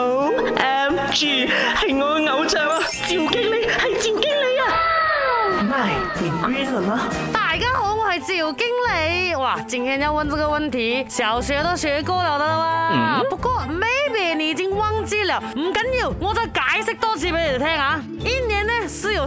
O M G，係我嘅偶像啊！趙經理係趙經理啊，oh.！My Green dream. 大家好，我係趙經理。哇，今天要問這個問題，小學都學過了得啦。Mm? 不過 maybe 你已經忘記了，唔緊要，我再解釋多次俾你哋聽啊。